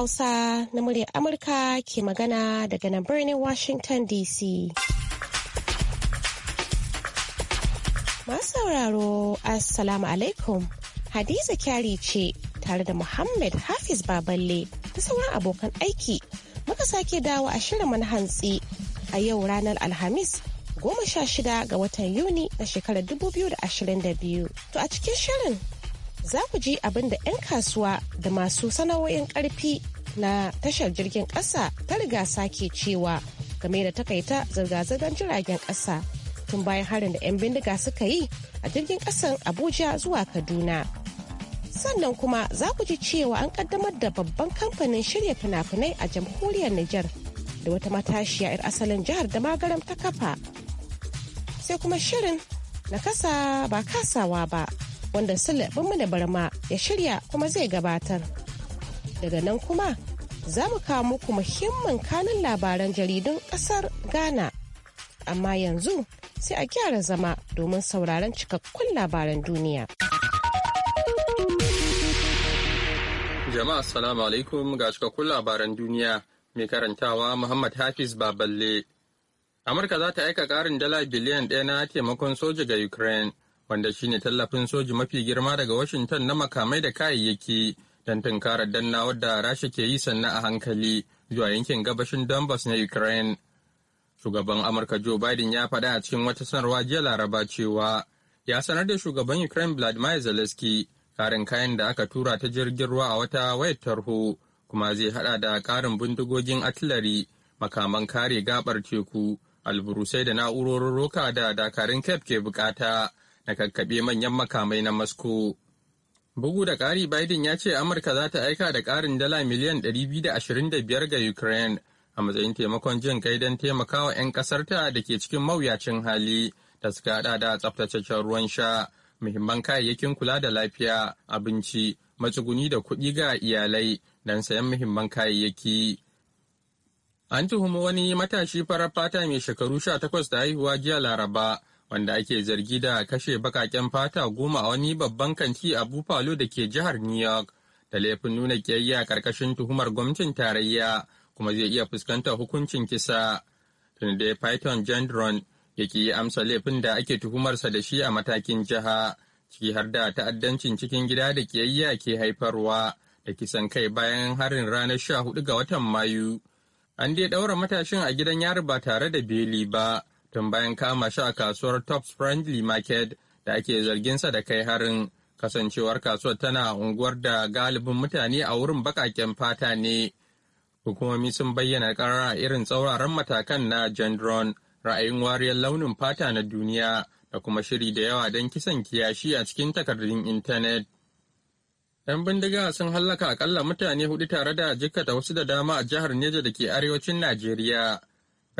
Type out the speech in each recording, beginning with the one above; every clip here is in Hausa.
Hausa na muryar Amurka ke magana daga nan birnin Washington DC. Masu sauraro, Assalamu alaikum. Hadiza kyari ce tare da Muhammad Hafiz Baballe da sauran abokan aiki. Muka sake dawo a shirin na hantsi a yau ranar Alhamis goma sha shida ga watan Yuni na shekarar da da biyu To a cikin shirin za ku ji abin da 'yan kasuwa da masu sana'o'in karfi na tashar jirgin ƙasa ta riga sake cewa game da takaita zirga-zirgar jiragen ƙasa tun bayan harin da 'yan bindiga suka yi a jirgin ƙasan abuja zuwa kaduna sannan kuma za ku ji cewa an kaddamar da babban kamfanin shirya fina-finai a jamhuriyar niger da wata matashiya 'yar asalin jihar da magaram ta kafa sai kuma shirin na kasa ba kasawa ba wanda sulabin mu da barma ya shirya kuma zai gabatar. Daga nan kuma za mu kawo muku muhimmin kanun labaran jaridun ƙasar Ghana. Amma yanzu sai a gyara zama domin sauraron cikakkun labaran duniya. Jama'a Assalamu alaikum ga cikakkun labaran duniya mai karantawa Muhammad Hafiz Baballe. Amurka za ta aika ƙarin dala biliyan ɗaya na taimakon soja ga Ukraine wanda shine tallafin soji mafi girma daga Washington na makamai da kayayyaki don tunkarar danna wadda Rasha ke yi sannan a hankali zuwa yankin gabashin Donbass na Ukraine. Shugaban Amurka Joe Biden ya faɗa a cikin wata sanarwa jiya Laraba cewa ya sanar da shugaban Ukraine Vladimir Zelensky karin kayan da aka tura ta jirgin ruwa a wata wayar tarho kuma zai haɗa da karin bindigogin artillery makaman kare gabar teku alburusai da na'urorin roka da dakarun kef ke bukata na kakkaɓe manyan makamai na Moscow. Bugu da ƙari Biden ya ce Amurka za ta aika da ƙarin dala miliyan 225 ga Ukraine a matsayin taimakon jin kai don taimakawa 'yan ƙasarta da ke cikin mawuyacin hali da suka haɗa da tsaftataccen ruwan sha, muhimman kayayyakin kula da lafiya, abinci, matsuguni da kuɗi ga iyalai don sayan muhimman kayayyaki. An tuhumi wani matashi farar fata mai shekaru 18 da haihuwa jiya Laraba wanda ake zargi da kashe bakaken fata goma a wani babban kanti a Buffalo da ke jihar New York da laifin nuna kiyayya karkashin tuhumar gwamnatin tarayya kuma zai iya fuskantar hukuncin kisa. Tunde Python Gendron ya yi amsa laifin da ake tuhumarsa da shi a matakin jiha, ciki har da ta'addancin cikin gida da kiyayya ke haifarwa da kisan kai bayan harin ranar 14 ga watan Mayu. An dai ɗaura matashin a gidan yari ba tare da beli ba. tun bayan kama shi a kasuwar Tops Friendly Market da ake zarginsa da kai harin kasancewar kasuwar tana unguwar da galibin mutane a wurin bakaken fata ne. Hukumomi sun bayyana ƙarara irin tsauraran matakan na Gendron, ra'ayin wariyar launin fata na duniya da kuma shiri da yawa don kisan kiyashi a cikin takardun intanet. 'Yan bindiga sun hallaka akalla mutane hudu tare da jikkata wasu da dama a jihar Neja da ke arewacin Najeriya.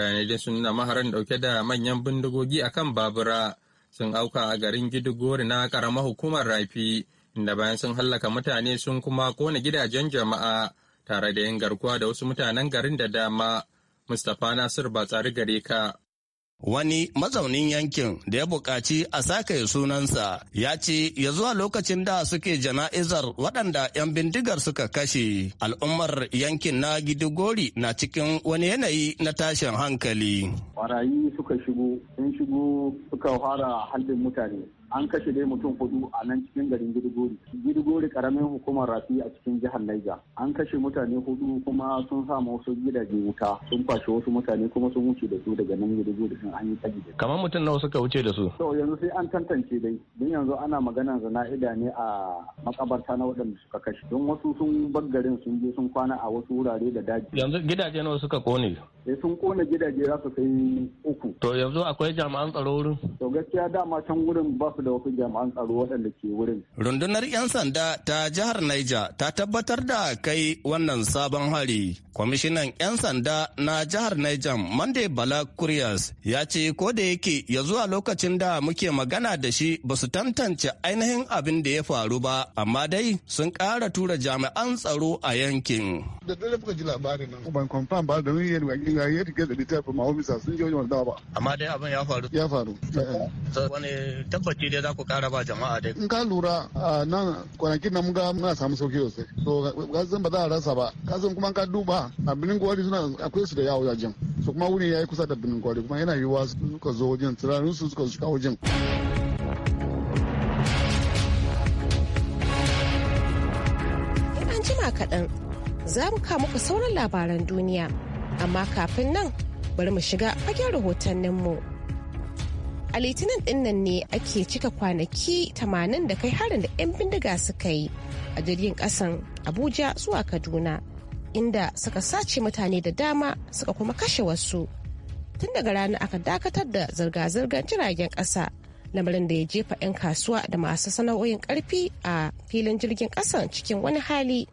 bayanai dai sun nuna maharan dauke da manyan bindigogi a kan babura sun auka a garin gidigori na karamar hukumar rafi inda bayan sun hallaka mutane sun kuma kona gidajen jama'a tare da yin garkuwa da wasu mutanen garin da dama mustapha nasir ba tsari gare ka wani mazaunin yankin da ya buƙaci a sake sunansa ya ce ya zuwa lokacin da suke jana'izar waɗanda 'yan bindigar suka kashe al'ummar yankin na gidigori na cikin wani yanayi na tashin hankali barayi suka shigo sun shigo suka fara halin mutane an kashe dai mutum hudu a nan cikin garin girgori girgori karamin hukumar rafi a cikin jihar Niger an kashe mutane hudu kuma sun sa wasu gidaje wuta sun kwashe wasu mutane kuma sun wuce da su daga nan girgori sun an yi tsaji da kamar mutum nawa suka wuce da su to yanzu sai an tantance dai don yanzu ana maganar zana'ida ne a makabarta na waɗanda suka kashe don wasu sun bar garin sun je sun kwana a wasu wurare da daji yanzu gidaje nawa suka kone sai eh, sun kone gidaje za su kai uku to yanzu akwai jami'an tsaro wurin to gaskiya dama can wurin ba su su da wasu jami'an tsaro waɗanda ke wurin. Rundunar 'yan sanda ta jihar Niger ta tabbatar da kai wannan sabon hari. Kwamishinan 'yan sanda na jihar Niger Monday Bala Kuriyas ya ce ko da yake ya zuwa lokacin da muke magana da shi ba su tantance ainihin abin da ya faru ba amma dai sun ƙara tura jami'an tsaro a yankin. Da dare muka ji labarin nan ban kwamfan ba domin ya rike da littafin ma ofisa sun je wajen ba. Amma dai abin ya faru. Ya faru. Wani tabbaci dai za ku kara ba jama'a dai. In ka lura a nan kwanakin nan muga muna samu sauki sosai. To kasan ba za a rasa ba. Kasan kuma ka duba a binin gwari suna akwai su da yawo wajen. Su kuma wuni ya yi kusa da binin gwari kuma yana yiwuwa suka zo wajen turarin su suka shiga wajen. An jima kaɗan za mu kawo muku sauran labaran duniya amma kafin nan bari mu shiga fagen rahotanninmu. mu. a litinin dinnan ne ake cika kwanaki tamanin da kai harin da 'yan bindiga suka yi a jirgin kasan abuja zuwa kaduna inda suka sace mutane da dama suka kuma kashe wasu tun daga rana aka dakatar da zirga-zirgar jiragen kasa lamarin da ya jefa 'yan kasuwa da masu sana'o'in ƙarfi a filin jirgin kasan cikin wani hali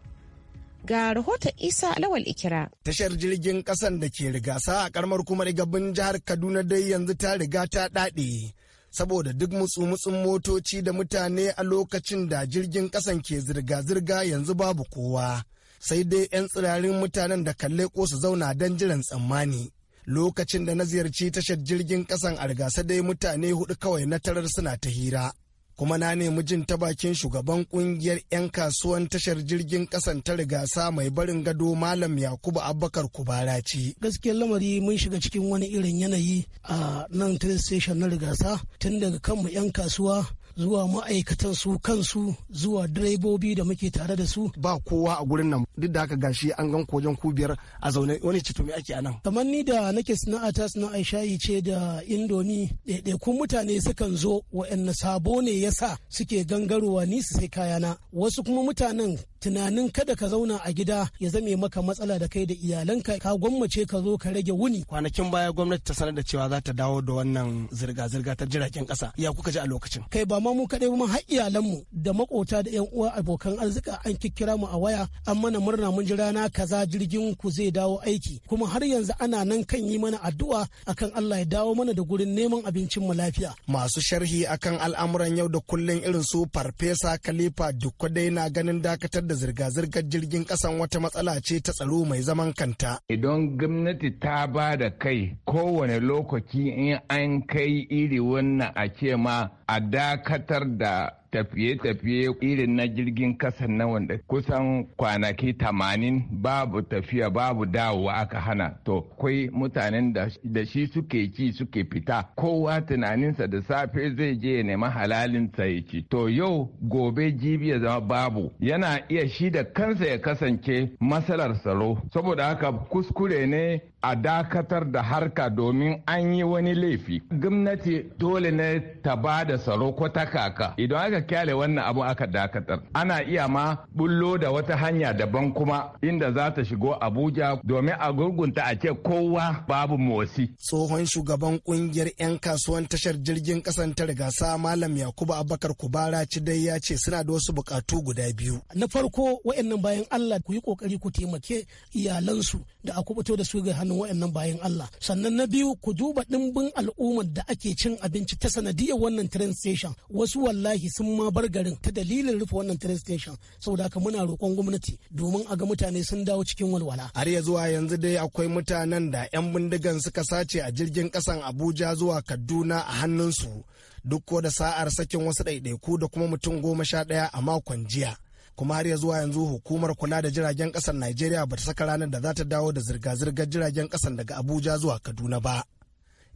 Ga rahoton Isa Lawal Ikira. Tashar jirgin kasan da ke rigasa a karamar kuma gabin jihar Kaduna dai yanzu ta riga ta daɗe. Saboda duk mutsu-mutsun motoci da mutane a lokacin da jirgin kasan ke zirga-zirga yanzu babu kowa. Sai dai 'yan tsirarin mutanen da kalle ko su zauna don jiran tsammani. Lokacin da na ziyarci tashar jirgin kasan a rigasa dai mutane hudu kawai na tarar suna ta hira. kuma na nemi jin ta bakin shugaban kungiyar 'yan kasuwan tashar jirgin kasan ta rigasa mai barin gado malam yakubu abubakar kubaraci Gaskiya lamari mun shiga cikin wani irin yanayi a nan station na rigasa tun daga kanmu 'yan kasuwa zuwa ma'aikatan su kansu zuwa direbobi da muke tare da su ba kowa a gurin nan duk da haka gashi an gan kojan ku biyar a zaune wani cito me ake anan kamar ni da nake sana'a ta sana'a shayi ce da indomi ɗaiɗaikun mutane sukan zo wa'anne sabo ne yasa suke gangarowa ni su sai kayana wasu kuma mutanen tunanin kada ka zauna a gida ya zame maka matsala da kai da iyalanka ka gwammace ka zo ka rage wuni kwanakin baya gwamnati ta sanar da cewa za ta dawo da wannan zirga-zirga ta jiragen kasa ya kuka ji a lokacin kai ba amma mu kaɗai mun har iyalanmu da makota da 'yan uwa abokan arzika an kikkira mu a waya an mana murna mun ji rana kaza jirgin ku zai dawo aiki kuma har yanzu ana nan kan yi mana addu'a akan Allah ya dawo mana da gurin neman abincin mu lafiya. Masu sharhi akan al'amuran yau da kullun irin su farfesa Khalifa duk dai na ganin dakatar da zirga-zirgar jirgin kasan wata matsala ce ta tsaro mai zaman kanta. Idan gwamnati ta ba da kai kowane lokaci in an kai iri wannan a ce ma a dakatar da tafiye-tafiye irin na jirgin kasa na wanda kusan kwanaki tamanin babu tafiya babu dawowa aka hana to kai mutanen da shi suke ci suke fita kowa tunaninsa da safe zai je ya nemi halalin ya ci to yau gobe jibi ya zama babu yana iya shi da kansa ya kasance matsalar tsaro saboda haka kuskure ne a dakatar da harka domin an yi wani laifi gwamnati dole ne ta ba da tsaro ko ta kaka idan aka kyale wannan abu aka dakatar ana iya ma bullo da wata hanya daban kuma inda za ta shigo abuja domin a gurgunta a ce kowa babu motsi tsohon shugaban kungiyar 'yan kasuwan tashar jirgin kasan ta rigasa malam yakubu abakar kubara ci dai ya ce suna da wasu bukatu guda biyu na farko wayannan bayan allah ku yi kokari ku taimake iyalansu da a kubuto da su ga hannun waɗannan bayan Allah sannan na biyu ku duba ɗimbin al'ummar da ake cin abinci ta sanadiyar wannan train station wasu wallahi sun ma bar garin ta dalilin rufe wannan train station saboda haka muna roƙon gwamnati domin a ga mutane sun dawo cikin walwala har ya zuwa yanzu dai akwai mutanen da 'yan bindigan suka sace a jirgin ƙasan Abuja zuwa Kaduna a hannunsu duk ko da sa'ar sakin wasu ɗaiɗaiku da kuma mutum goma sha ɗaya a makon jiya kuma har ya zuwa yanzu hukumar kula da jiragen kasar Najeriya bata saka ranar da za ta dawo da zirga-zirgar jiragen kasar daga Abuja zuwa Kaduna ba.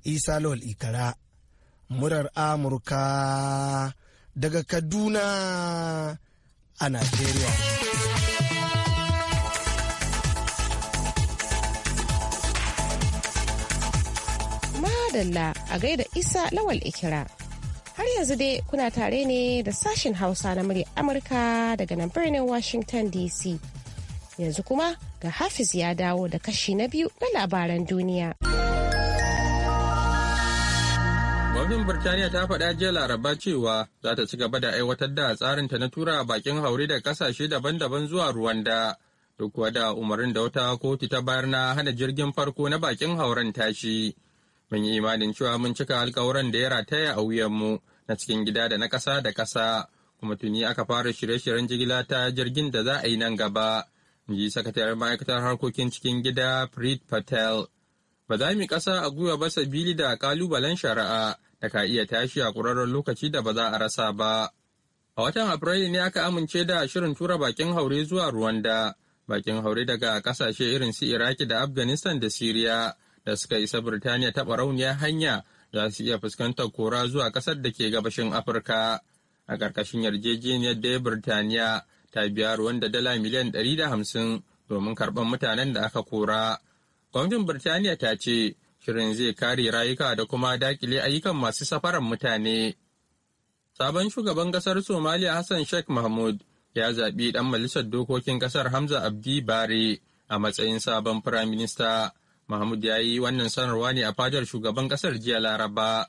Isa Lawal Ikara, murar Amurka daga Kaduna a Najeriya. Madalla a gaida Isa Lawal Ikira. Har yanzu dai kuna tare ne da sashen Hausa na murya Amurka daga nan birnin Washington DC. Yanzu kuma ga Hafiz ya dawo da kashi na biyu na labaran duniya. Gwamnatin Birtaniya ta faɗa jiya laraba cewa za ta ci gaba da aiwatar da tsarin ta na tura bakin haure da kasashe daban-daban zuwa Ruwanda. Duk da umarnin da wata kotu ta bayar na hana jirgin farko na bakin hauren tashi. mun yi imanin cewa mun cika alkawuran da ya rataya a mu na cikin gida da na ƙasa da ƙasa kuma tuni aka fara shirye-shiryen jigila ta jirgin da za a yi nan gaba ji sakataren ma'aikatar harkokin cikin gida Preet Patel. Ba za mu ƙasa a gwiwa ba sabili da ƙalubalen shari'a da ka iya tashi a ƙurarren lokaci da ba za a rasa ba. A watan Afrilu ne aka amince da shirin tura bakin haure zuwa ruwanda bakin haure daga ƙasashe irin su Iraki da Afghanistan da Syria. da suka isa Birtaniya ta barauniya hanya za su iya fuskantar kora zuwa ƙasar da ke gabashin Afirka. A ƙarƙashin yarjejeniyar da Birtaniya ta biya ruwan da dala miliyan 150 domin karɓar mutanen da aka kora. Gwamnatin Birtaniya ta ce shirin zai kare rayuka da kuma dakile ayyukan masu safaran mutane. Sabon shugaban ƙasar Somaliya Hassan Sheikh Mahmud ya zaɓi ɗan majalisar dokokin ƙasar Hamza Abdi Bare a matsayin sabon firaminista. Mahmud ya yi wannan sanarwa ne a fadar shugaban kasar jiya Laraba.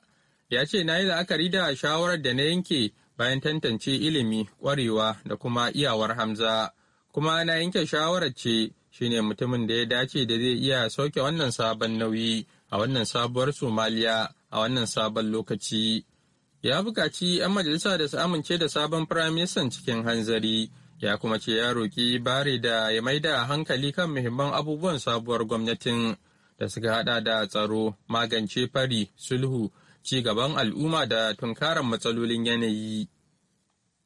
Ya ce na yi la'akari da shawarar da na yanke bayan tantance ilimi, ƙwarewa da kuma iyawar Hamza. Kuma na yanke shawarar ce shine mutumin da ya dace da zai iya sauke wannan sabon nauyi a wannan sabuwar Somaliya a wannan sabon lokaci. Ya buƙaci 'yan majalisa da su amince da sabon firaministan cikin hanzari. ya kuma ce ya roƙi bare da ya maida hankali kan muhimman abubuwan sabuwar gwamnatin da suka hada da tsaro magance fari sulhu ci gaban al'umma da tunkarar matsalolin yanayi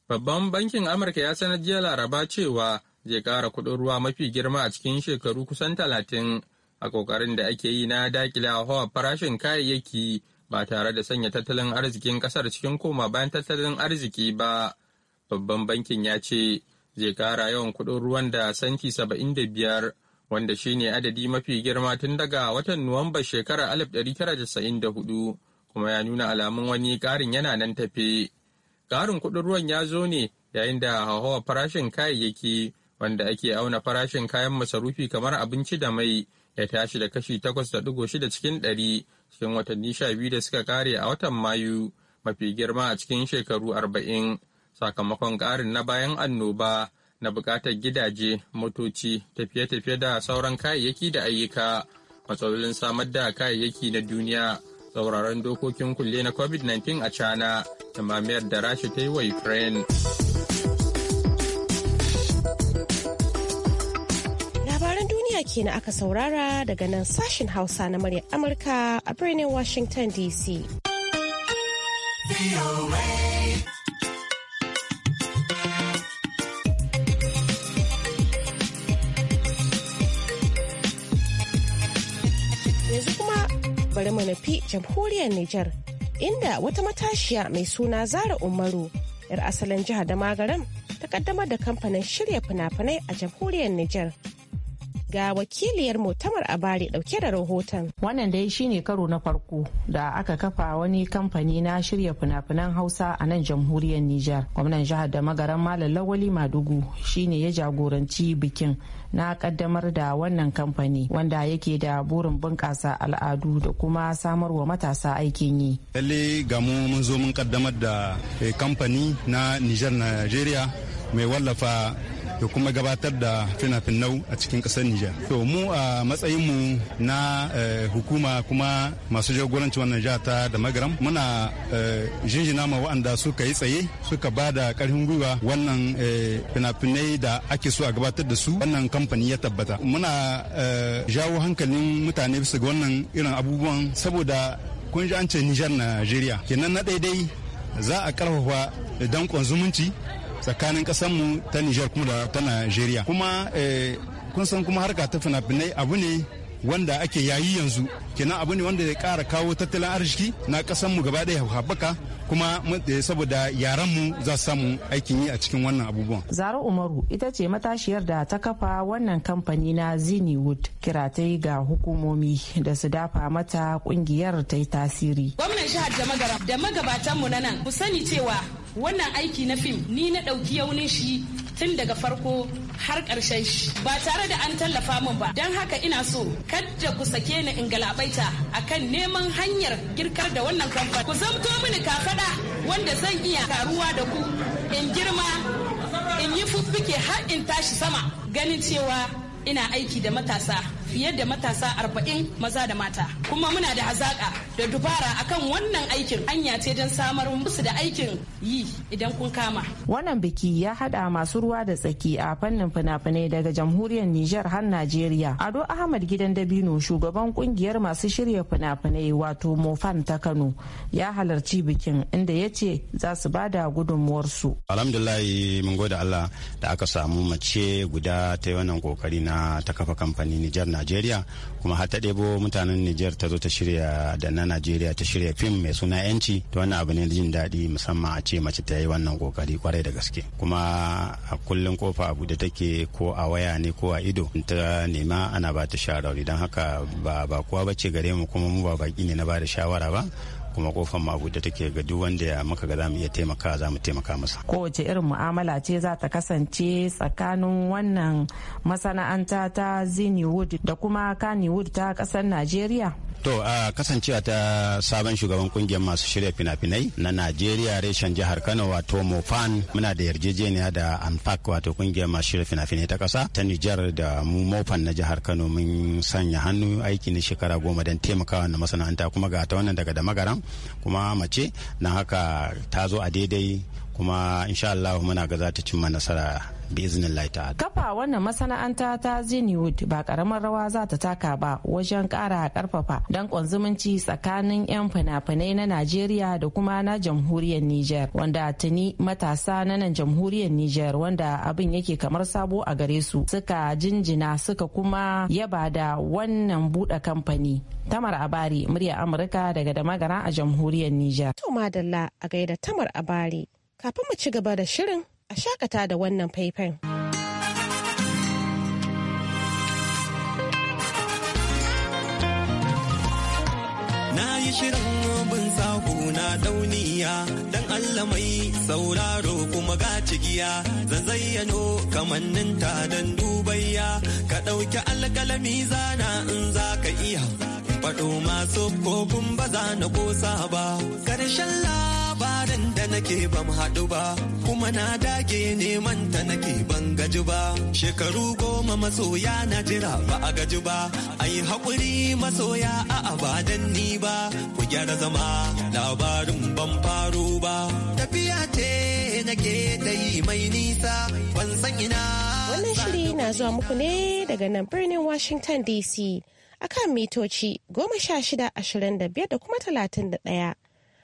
babban bankin amurka ya sanar jiya laraba cewa zai kara kuɗin ruwa mafi girma a cikin shekaru kusan talatin a ƙoƙarin da ake yi na dakila hawa farashin kayayyaki ba tare da sanya tattalin arzikin kasar cikin koma bayan tattalin arziki ba babban bankin ya ce zai kara yawan kuɗin ruwan da santi saba'in da biyar wanda shine adadi mafi girma tun daga watan Nuwamba shekarar 1994 kuma ya nuna alamun wani karin yana nan tafe. Ƙarin kuɗin ruwan ya zo ne yayin da hauhawar farashin kayayyaki wanda ake auna farashin kayan masarufi kamar abinci da mai ya tashi da kashi takwas da 8.6 cikin dari cikin watanni sha biyu da suka kare a watan Mayu mafi girma a cikin shekaru arba'in sakamakon ƙarin na bayan annoba na buƙatar gidaje, motoci, tafiye-tafiye da sauran kayayyaki da ayyuka, matsalolin samar da kayayyaki na duniya, tsauraran dokokin kulle na COVID-19 a China, da mamayar da Rasha ta yi wa Ukraine. Labaran duniya kenan aka saurara daga nan sashen Hausa na muryar Amurka a birnin Washington DC. mu nufi jamhuriyar Nijar inda wata matashiya mai suna Zara Umaru yar asalin jihar da magaram ta kaddamar da kamfanin shirya fina-finai a jamhuriyar Nijar ga wakiliyar a abari dauke da rahoton. Wannan dai shine karo na farko da aka kafa wani kamfani na shirya fina-finan Hausa a nan jamhuriyar Nijar. Gwamnan jihar da magaran Malam Lawali Madugu shine ya jagoranci bikin na kaddamar da wannan kamfani wanda yake da burin bunƙasa al'adu da kuma samar wa matasa aikin yi. Lalle ga mu mun zo mun kaddamar da eh, kamfani na Nijar Najeriya mai wallafa da kuma gabatar da fina-finau a cikin ƙasar Nijar. To mu a matsayin mu na eh, hukuma kuma masu jagoranci wannan jiha ta da magaram muna eh, jinjina ma wa'anda suka yi tsaye suka ba da ƙarfin gwiwa wannan eh, fina-finai da ake so a gabatar da su wannan kamfani ya tabbata. Muna jawo hankalin mutane bisa ga wannan irin abubuwan saboda kun ji an ce Nijar Najeriya. Kenan na daidai za a karfafa dankon zumunci tsakanin mu ta Nijar kuma ta Najeriya. Kuma eh, kun san kuma harka ta fina-finai abu ne wanda ake yayi yanzu kenan abu ne wanda ya kara kawo tattalin arziki na mu gaba ɗaya haɓaka kuma eh, saboda mu za su samu aikin yi a cikin wannan abubuwan. Zara Umaru ita ce matashiyar da ta kafa wannan kamfani na ta kiratai ga hukumomi da su dafa mata kungiyar ta yi tasiri. Gwamnan jihar da magabatanmu na nan ku sani cewa wannan aiki na fim ni na ɗauki yaunin shi tun daga farko har ƙarshen shi ba tare da an tallafa min ba don haka ina so kadda ku sake ni in galabaita akan neman hanyar girkar da wannan kamfani ku zamto mini kafaɗa wanda zan iya karuwa da ku in girma in yi fuffuke har in tashi sama ganin cewa ina aiki da matasa fiye da matasa arba'in maza da mata kuma muna da hazaka da dubara akan wannan aikin anya ce don samar musu da aikin yi idan kun kama wannan biki ya hada masu ruwa da tsaki a fannin fina-finai daga jamhuriyar Nijar har Najeriya Ado Ahmad Gidan Dabino shugaban kungiyar masu shirya fina-finai wato Mofan ta Kano ya halarci bikin inda ya ce za su ba da su. Alhamdulillahi mun gode Allah da aka samu mace guda ta yi wannan kokari na ta kafa kamfani Nijar najeriya kuma har ta ɗebo mutanen nijar ta zo ta shirya da na najeriya ta shirya fim mai suna yanci to wannan abu ne jin daɗi musamman a ce mace ta yi wannan kokari kwarai da gaske kuma a kullum kofa abu da take ko a waya ne ko a ido ta nema ana ba ta shawarwari don haka ba ba kowa ba ce gare mu kuma mu ba baki ne na ba da shawara ba kuma kofar ma da take ga duk wanda ya maka ga zamu iya taimaka za mu taimaka masa kowace irin mu'amala ce za ta kasance tsakanin wannan masana'anta ta wood da kuma wood ta kasar najeriya To a kasancewa ta sabon shugaban kungiyar masu shirya fina-finai na Najeriya reshen jihar Kano wato Mofan muna da yarjejeniya da anfak wato kungiyar masu shirya fina-finai ta kasa ta Nijar da mu Mofan na jihar Kano mun sanya hannu aiki na shekara goma don taimakawa na masana'anta kuma ga ta wannan daga da magaran kuma mace na haka ta zo a daidai kuma insha Allah muna ga za ta cimma nasara biznin laita. Kafa wannan masana'anta ta Zinewood ba karamar rawa za ta taka ba wajen kara karfafa dankon zumunci tsakanin 'yan fina-finai na Najeriya da kuma na jamhuriyar niger wanda tuni matasa na nan jamhuriyar Nijar wanda abin yake kamar sabo a gare su suka jinjina suka kuma yaba da wannan buɗe kamfani. Tamar Abari murya Amurka daga da magana a jamhuriyar Nijar. To madalla a gaida Tamar Abari. Kafin mu ci gaba da shirin a shakata da wannan faifan. Na yi shirin robin sahu na dauniya Don Allah mai sauraro kuma ga cigiya zan zayyano kamanninta don dubayya ka ɗauki alƙalami zana in za ka iya faɗo masu kofin ba na ƙosa ba ƙarshen la labarin da nake ban haɗu ba kuma na dage neman ta nake ban gaji ba shekaru goma masoya na jira ba a gaji ba ayi haƙuri masoya a abadan ni ba ku gyara zama labarin ban faru ba tafiya ce nake ta yi mai nisa ban san ina wannan shiri na zuwa muku ne daga nan birnin washington dc akan mitoci goma sha shida ashirin da biyar da kuma talatin da ɗaya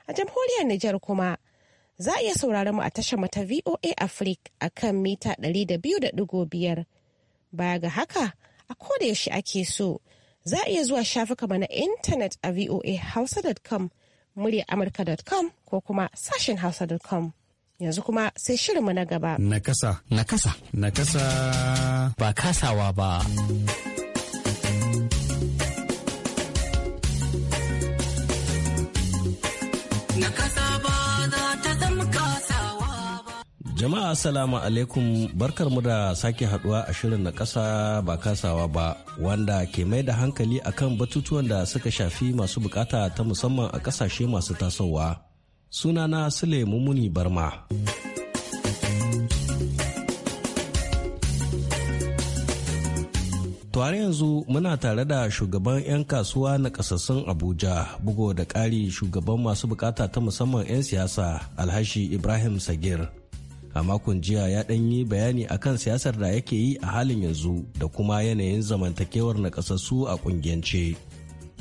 A jamhuriyar Nijar kuma za a iya sauraron mu a tashar mata VOA Africa a kan mita 200.5. Baya ga haka, a koda yaushe ake so, za a iya zuwa shafuka mana intanet a voahausa.com, murya amurka.com ko kuma sashen hausa.com. yanzu kuma sai shirinmu na gaba. Na Na kasa. kasa. Na kasa. Ba kasawa ba. Jama'a Assalamu alaikum barkar mu da sake haduwa a shirin na kasa ba kasawa ba wanda ke mai da hankali akan batutuwan da suka shafi masu bukata ta musamman a kasashe masu tasowa. Sunana Sule Mumuni Barma. har yanzu muna tare da shugaban 'yan kasuwa na kasassun Abuja bugo da ƙari shugaban masu bukata ta musamman 'yan siyasa alhashi Ibrahim Sagir. A makon jiya ya ɗan yi bayani akan siyasar da yake yi a halin yanzu da kuma yanayin zamantakewar na kasassu a ƙungiyance.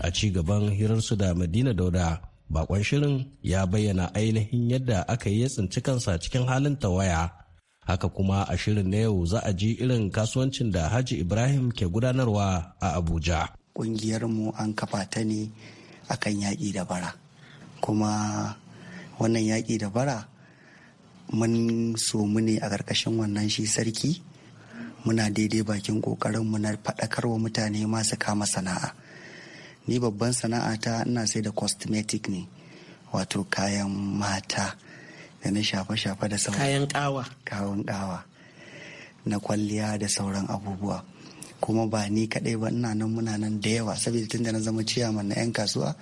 A ci gaban hirarsu da Madina Dauda, bakon shirin ya bayyana ainihin yadda aka yi ya tsinci kansa cikin halin tawaya haka kuma a shirin na yau za a ji irin kasuwancin da haji ibrahim ke gudanarwa a abuja ƙungiyar mu an kafa ta ne akan yaƙi da bara kuma wannan yaƙi da bara mun so mu ne a ƙarƙashin wannan shi sarki muna daidai bakin ƙoƙarin mu na faɗakar wa mutane masu kama sana'a ni babban ta ina sai da cosmetic ne wato kayan mata da na shafe-shafe da sauran kayan kawa kawan kawa na kwalliya da sauran abubuwa kuma ba ni kadai ba ina nan muna nan da yawa saboda tunda na zama ciyaman na 'yan kasuwa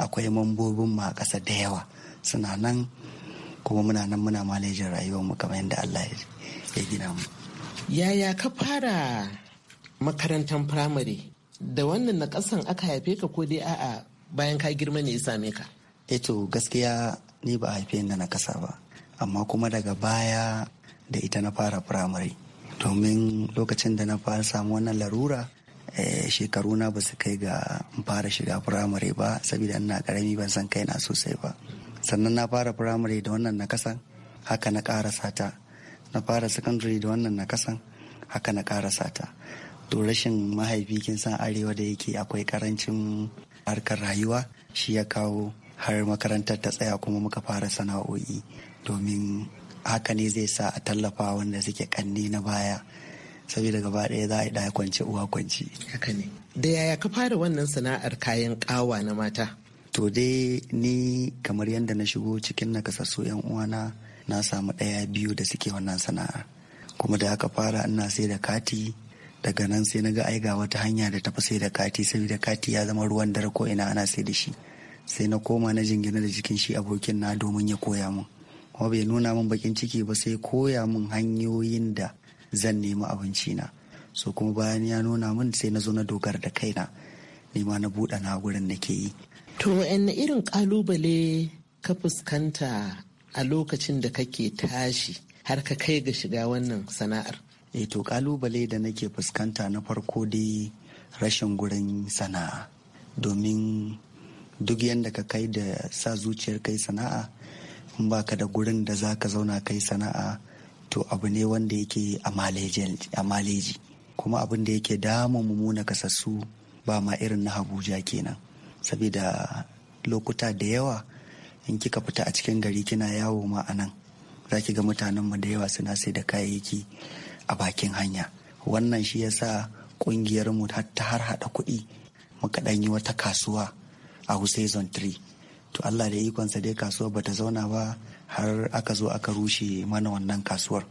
akwai mambobin ma a da yawa suna nan kuma muna nan muna malejin rayuwar mu kamar yadda Allah ya gina mu yaya ka fara makarantar firamare da wannan na kasan aka haife ka ko dai a'a bayan ka girma ne ya same ka eto eh gaskiya ni ba a haife da na kasa ba amma kuma daga baya da ita na fara firamare domin lokacin da na fara samu wannan larura eh, shekaru na ba su kai ga fara shiga firamare ba saboda ina karami ban san kai kaina sosai ba sannan na fara firamare da wannan na kasan haka na karasa ta na fara secondary da wannan na kasan haka na karasa sata to rashin mahaifi kin san arewa da yake akwai karancin harkar rayuwa shi ya kawo har makarantar ta tsaya kuma muka fara sana'o'i domin haka ne zai sa a tallafa wanda suke kanne na baya saboda gaba ɗaya za a yi ɗaya kwance uwa kwanci. Haka ne. Da yaya ka fara wannan sana'ar kayan ƙawa na mata? To dai ni kamar yadda na shigo cikin nakasassu yan uwana na samu ɗaya biyu da suke wannan sana'ar. Kuma da aka fara ina sai da kati daga nan sai na ga ai wata hanya da tafi sai da kati saboda kati ya zama ruwan dare ko ina ana sai da shi. sai na koma na jingina da jikin shi abokin na domin ya koya min kuma bai nuna min bakin ciki ba sai koya min hanyoyin da zan nemi abinci na so kuma bayan ya nuna min sai na zo na dogar da kaina nema na buɗe na gurin nake yi to wa'anne irin kalubale ka fuskanta a lokacin da kake tashi har ka kai ga shiga wannan sana'ar e to kalubale da nake fuskanta na farko dai rashin gurin sana'a domin duk yadda ka kai da sa zuciyar kai sana'a in ba ka da gurin da za ka zauna kai sana'a to abu ne wanda yake a maleji kuma abin da yake damun mummuna kasassu ba ma irin na habuja kenan saboda lokuta da yawa in kika fita a cikin gari kina yawo ma a nan za ki ga mutanenmu da yawa suna sai da kayayyaki a bakin hanya wannan shi yasa ƙungiyarmu ta har haɗa kuɗi muka yi wata kasuwa a season 3 to allah da ikonsa dai kasuwar bata zauna ba har aka zo aka rushe mana wannan kasuwar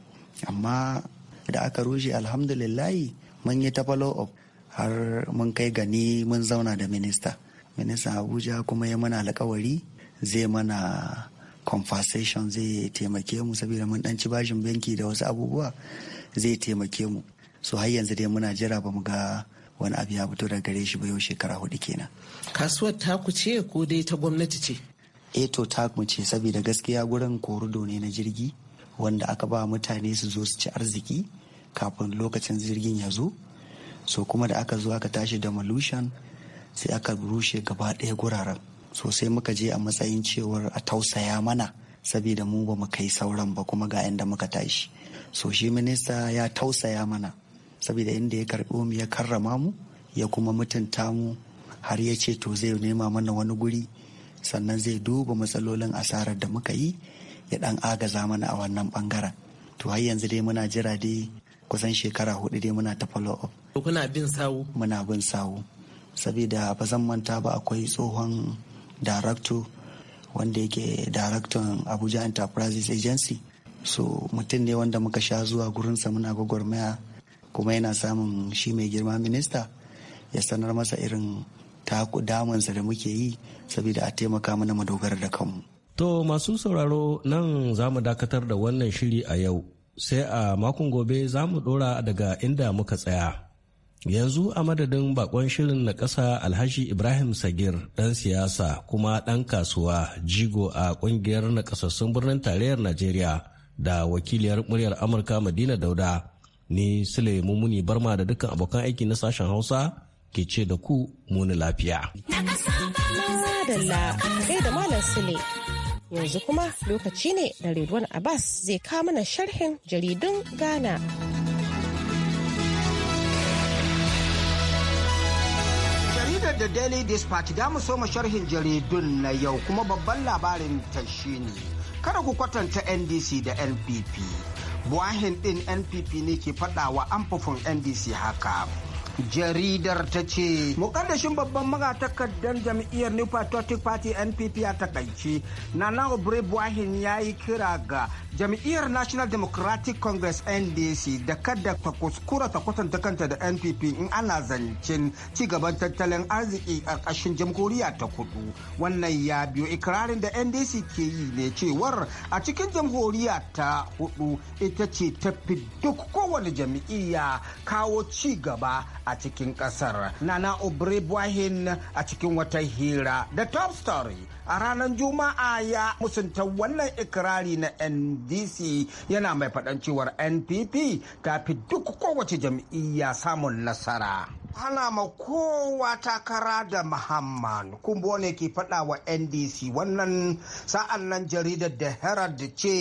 amma da aka rushe alhamdulillahi mun yi ta follow up har mun kai gani mun zauna da minista ministan abuja kuma ya mana alkawari zai mana compensation zai taimake mu saboda mun dan ci bashin banki da wasu abubuwa zai taimake mu so har yanzu dai muna jira ba mu ga wani abu ya fito daga gare shi ba yau shekara hudu kenan kasuwar taku ce ko dai ta gwamnati ce Eto eh, to ku ce saboda gaskiya gurin korido ne na jirgi wanda aka ba mutane su zo su ci arziki kafin lokacin jirgin ya zo so kuma da aka zo aka tashi da malushan sai aka rushe gaba ɗaya guraren so sai muka je a matsayin cewar a tausaya mana saboda mu ba mu kai sauran ba kuma ga inda muka tashi so shi minista ya tausaya mana saboda inda ya karɓi mu ya karrama mu ya kuma mutunta mu har ya ce to zai nema mana wani guri sannan zai duba matsalolin asarar da muka yi ya dan agaza mana a wannan bangaren to har yanzu dai muna jira dai kusan shekara hudu dai muna ta follow up kuna bin sawu muna bin sawu saboda ba zan manta ba akwai tsohon director wanda yake daraktan abuja enterprises agency so mutum ne wanda muka sha zuwa gurinsa muna gwagwarmaya kuma yana samun shi mai girma minista ya sanar masa irin taku damansa da muke yi saboda a taimaka mana mu dogara da kanmu. To masu sauraro nan za mu dakatar da wannan shiri a yau sai a makon gobe za mu dora daga inda muka tsaya. Yanzu a madadin bakon shirin na ƙasa Alhaji Ibrahim Sagir ɗan siyasa kuma ɗan kasuwa jigo a ƙungiyar na birnin tarayyar Najeriya da wakiliyar muryar Amurka Madina Dauda. ni sule mummuni barma da dukkan abokan aiki na sashen hausa ke ce da ku muni lafiya da malam sule yanzu kuma lokaci ne da redwan abbas zai kawo mana sharhin jaridun ghana jaridar da daily dispatch da mu soma sharhin jaridun na yau kuma babban labarin ta shine kada ku kwatanta ndc da npp buwahin din npp ne ke faɗawa amfafin ndc haka jaridar ta ce mukaddashin babban magatakardar jam'iyyar new patriotic party npp a takaici nana obere buahin ya yi kira ga jam'iyyar national democratic congress ndc da kada ta kuskura ta kwatanta kanta da npp in ana zancen ci gaban tattalin arziki a ƙarƙashin jamhuriya ta kudu wannan ya biyo ikirarin da ndc ke yi ne cewar a cikin jamhuriya ta hudu ita ce ta fi duk kowane jam'iyya kawo ci gaba a cikin kasar nana obrebuahin a cikin wata hira da top story a ranar juma'a ya musunta wannan ikirari na ndc yana mai faɗan cewar npp ta fi duk kowace jam'iyya samun nasara ana ma kowa takara da muhammad kumbo ne ke faɗa wa ndc wannan sa'an nan jaridar da herald ce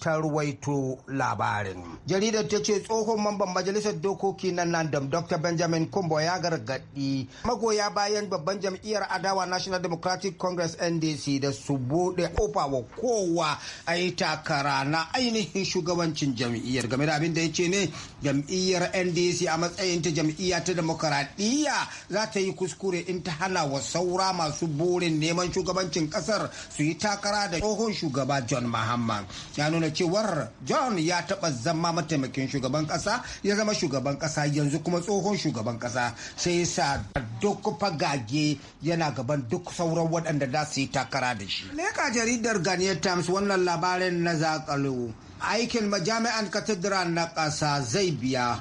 ta ruwaito labarin. Jaridar ta ce tsohon mamban majalisar dokoki na Nandam Dr. Benjamin Kumbo ya gargaɗi magoya bayan babban jam'iyyar adawa National Democratic Congress NDC da su buɗe kofa wa kowa a yi takara na ainihin shugabancin jam'iyyar game da abin da ya ce ne jam'iyyar NDC a matsayin ta jam'iyya ta demokaradiyya za ta yi kuskure in ta hana wa saura masu burin neman shugabancin kasar su yi takara da tsohon shugaba John Mahama. Ya nuna da John ya taɓa zama mataimakin shugaban ƙasa ya zama shugaban ƙasa yanzu kuma tsohon shugaban ƙasa sai ya sa duk fagage yana gaban duk sauran waɗanda za su yi takara da shi. Leka jaridar Ghanaian Times wannan labarin na zakalo aikin majami'an katedral na ƙasa zai biya.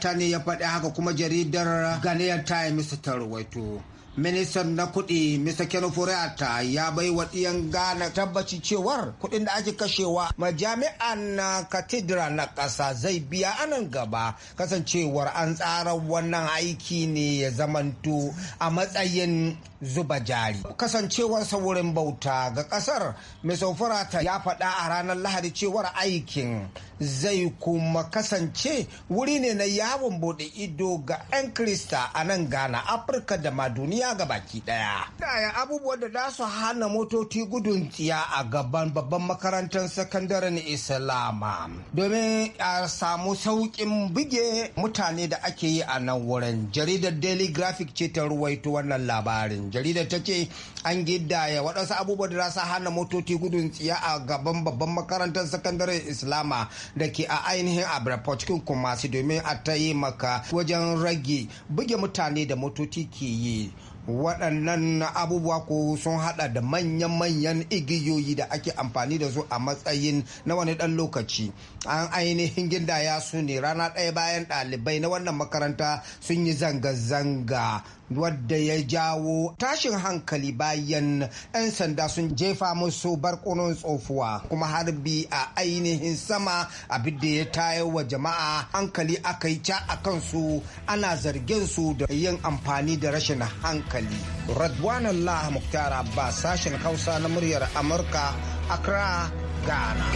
ta ne ya faɗi haka kuma jaridar Ghanaian Times ta rawaito. ministan na kuɗi mr kenoforiata ya bai wa ɗiyan ghana tabbaci cewar kuɗin da ake kashewa majami'an na katidra na ƙasa zai biya anan gaba kasancewar an tsara wannan aiki ne ya zamanto a matsayin zuba jari kasancewar wurin bauta ga ƙasar mr ya faɗa a ranar lahadi cewar aikin zai kuma kasance wuri ne na yawon bude ido ga 'yan krista a nan ghana afirka da ma duniya ga baki daya yaya abubuwan da za su hana motoci gudun tsiya a gaban babban makarantar sakandaren islama domin a samu sauƙin buge mutane da ake yi a nan wurin jaridar daily graphic ce ta ruwaito wannan labarin jaridar ta ce an gidaya waɗansu abubuwan da za su hana motoci gudun tsiya a gaban babban makarantar sakandaren islama da ke a ainihin abraport cikin su domin a taimaka wajen rage buge mutane da motoci ke yi waɗannan abubuwa ko sun hada da manyan-manyan igiyoyi da ake amfani da su a matsayin na wani ɗan lokaci an ainihin gindaya su ne rana ɗaya bayan ɗalibai na wannan makaranta sun yi zanga-zanga wadda ya jawo tashin hankali bayan 'yan sanda sun jefa musu barkunan tsofuwa kuma harbi a ainihin sama abin da ya tayar wa jama'a hankali aka yi ca a kansu ana zargin su da yin amfani da rashin hankali hankali. Allah Mukhtar Abbas sashen Hausa na muryar Amurka, Accra, Ghana.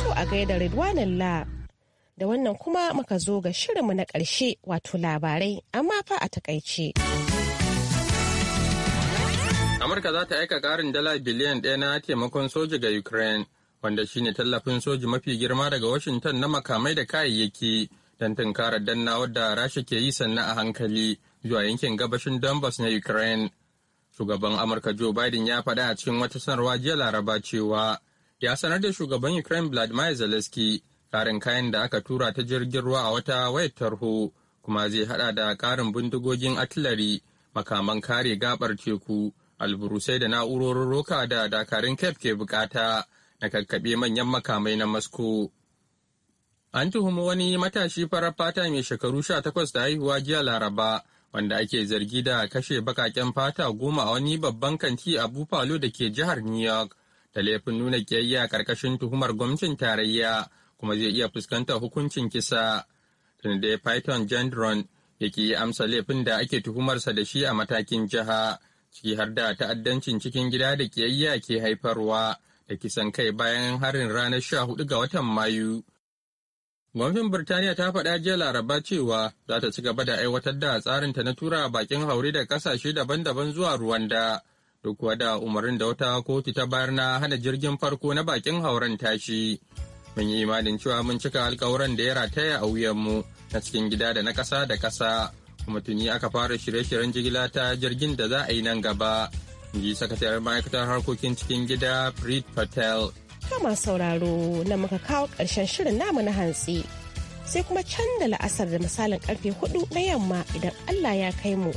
To a gaida Allah Da wannan kuma muka zo ga shirinmu na ƙarshe wato labarai amma fa a takaice. Amurka za ta aika ƙarin dala biliyan ɗaya na taimakon soji ga Ukraine, wanda shine tallafin soji mafi girma daga Washington na makamai da kayayyaki don tunkarar danna wadda rasha ke yi sannan a hankali zuwa yankin gabashin donbas na ukraine shugaban amurka joe biden ya faɗa a cikin wata sanarwa jiya laraba cewa ya sanar da shugaban ukraine vladimir zelensky karin kayan da aka tura ta jirgin ruwa a wata wayar tarho kuma zai haɗa da karin bindigogin artillery makaman kare gabar teku alburusai da na'urorin roka da dakarun kef ke bukata na kakkaɓe manyan makamai na moscow An tuhumi wani matashi farar fata mai shekaru sha takwas da haihuwa jiya Laraba, wanda ake zargi da kashe bakaken fata goma a wani babban kanti a bufalo da ke jihar New York, da laifin nuna kiyayya karkashin tuhumar gwamnatin tarayya, kuma zai iya fuskantar hukuncin kisa. Tunde Python Gendron ya ki amsa laifin da ake tuhumarsa da shi a matakin jiha, ciki har da ta'addancin cikin gida da kiyayya ke haifarwa da kisan kai bayan harin ranar sha hudu ga watan Mayu. Gwamnatin Birtaniya ta faɗa jiya Laraba cewa za ta ci gaba da aiwatar da tsarinta na tura bakin haure da ƙasashe daban-daban zuwa Ruwanda, duk kuwa da umarnin da wata kotu ta bayar na hana jirgin farko na bakin hauren tashi. Mun yi imanin cewa mun cika alkawuran da ya rataya a wuyanmu na cikin gida da na ƙasa da ƙasa, kuma tuni aka fara shirye-shiryen jigila ta jirgin da za a yi nan gaba. Ji sakataren ma'aikatar harkokin cikin gida Preet Patel. Kama sauraro na muka kawo ƙarshen shirin namu na hantsi. Sai kuma can da la'asar da misalin karfe hudu na yamma idan Allah ya kai mu.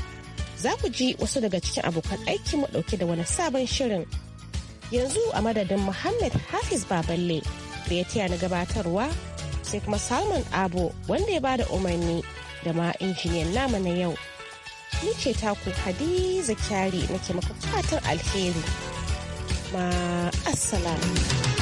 Za ku ji wasu daga cikin abokan aiki mu ɗauke da wani sabon shirin. Yanzu a madadin Muhammad Hafiz Baballe da ya taya na gabatarwa sai kuma Salman Abo wanda ya bada umarni da ma injiniyan namu na yau. Ni ce taku Hadiza Kyari nake maka fatan alheri. Ma assalamu.